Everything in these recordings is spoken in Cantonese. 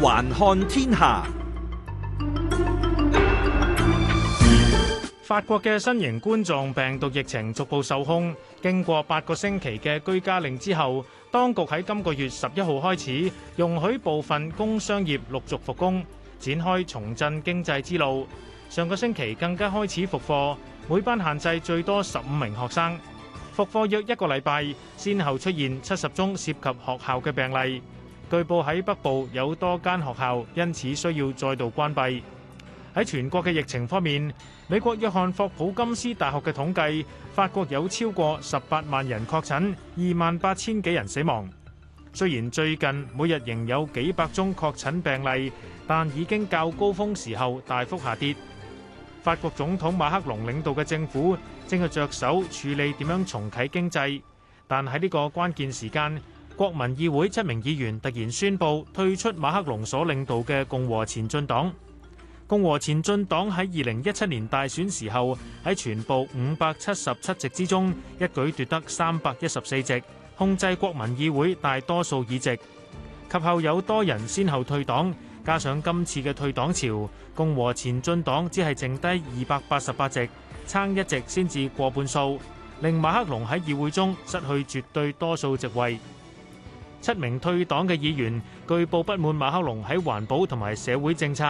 環看天下，法國嘅新型冠狀病毒疫情逐步受控。經過八個星期嘅居家令之後，當局喺今個月十一號開始容許部分工商業陸續復工，展開重振經濟之路。上個星期更加開始復課，每班限制最多十五名學生。復課約一個禮拜，先後出現七十宗涉及學校嘅病例。據報喺北部有多間學校，因此需要再度關閉。喺全國嘅疫情方面，美國約翰霍普金斯大學嘅統計，法國有超過十八萬人確診，二萬八千幾人死亡。雖然最近每日仍有幾百宗確診病例，但已經較高峰時候大幅下跌。法國總統馬克龍領導嘅政府正係着手處理點樣重啟經濟，但喺呢個關鍵時間，國民議會七名議員突然宣布退出馬克龍所領導嘅共和前進黨。共和前進黨喺二零一七年大選時候喺全部五百七十七席之中，一舉奪得三百一十四席，控制國民議會大多數議席。及後有多人先後退黨，加上今次嘅退黨潮，共和前進黨只係剩低二百八十八席，撐一席先至過半數，令馬克龍喺議會中失去絕對多數席位。七名退黨嘅議員據報不滿馬克龍喺環保同埋社會政策，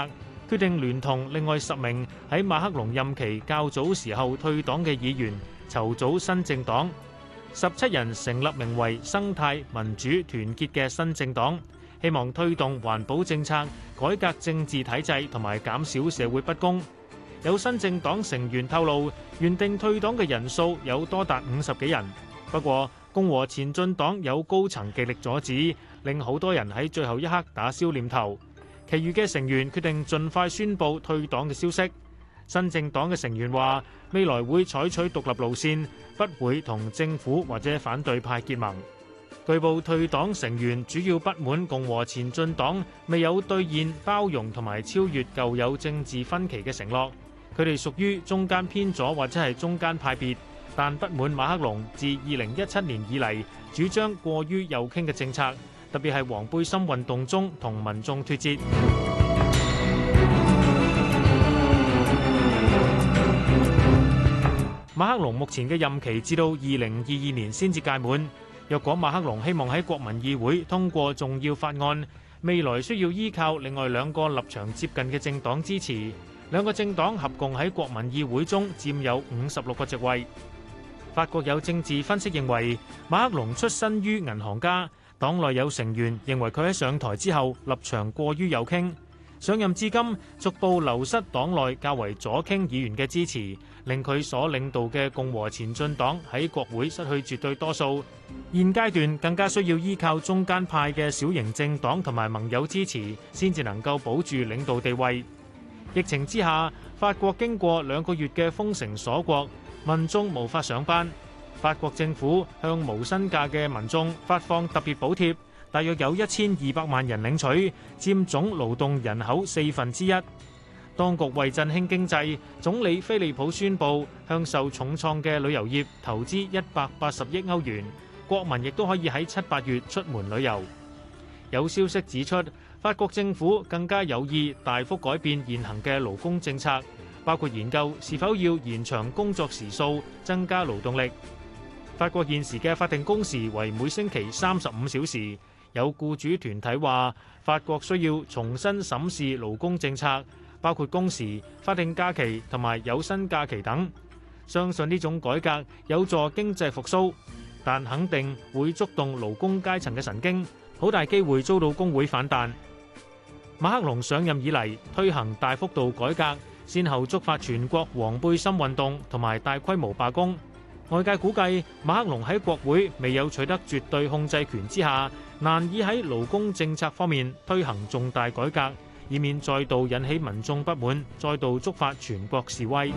決定聯同另外十名喺馬克龍任期較早時候退黨嘅議員，籌組新政黨。十七人成立名為生態民主團結嘅新政黨，希望推動環保政策、改革政治體制同埋減少社會不公。有新政黨成員透露，原定退黨嘅人數有多達五十幾人，不過，共和前進黨有高層極力阻止，令好多人喺最後一刻打消念頭。其餘嘅成員決定盡快宣佈退黨嘅消息。新政黨嘅成員話：未來會採取獨立路線，不會同政府或者反對派結盟。據報退黨成員主要不滿共和前進黨未有兌現包容同埋超越舊有政治分歧嘅承諾。佢哋屬於中間偏左或者係中間派別。但不滿馬克龍自二零一七年以嚟主張過於右傾嘅政策，特別係黃背心運動中同民眾脱節。馬克龍目前嘅任期至到二零二二年先至屆滿，若果馬克龍希望喺國民議會通過重要法案，未來需要依靠另外兩個立場接近嘅政黨支持。兩個政黨合共喺國民議會中占有五十六個席位。法國有政治分析認為，馬克龍出身於銀行家，黨內有成員認為佢喺上台之後立場過於右傾。上任至今逐步流失黨內較為左傾議員嘅支持，令佢所領導嘅共和前進黨喺國會失去絕對多數。現階段更加需要依靠中間派嘅小型政黨同埋盟友支持，先至能夠保住領導地位。疫情之下，法國經過兩個月嘅封城鎖國。民眾無法上班，法國政府向無薪假嘅民眾發放特別補貼，大約有一千二百萬人領取，佔總勞動人口四分之一。當局為振興經濟，總理菲利普宣布，向受重創嘅旅遊業投資一百八十億歐元，國民亦都可以喺七八月出門旅遊。有消息指出，法國政府更加有意大幅改變現行嘅勞工政策。包括研究是否要延長工作時數，增加勞動力。法國現時嘅法定工時為每星期三十五小時。有僱主團體話，法國需要重新審視勞工政策，包括工時、法定假期同埋有薪假期等。相信呢種改革有助經濟復甦，但肯定會觸動勞工階層嘅神經，好大機會遭到工會反彈。馬克龍上任以嚟推行大幅度改革。先後觸發全國黃背心運動同埋大規模罷工，外界估計馬克龍喺國會未有取得絕對控制權之下，難以喺勞工政策方面推行重大改革，以免再度引起民眾不滿，再度觸發全國示威。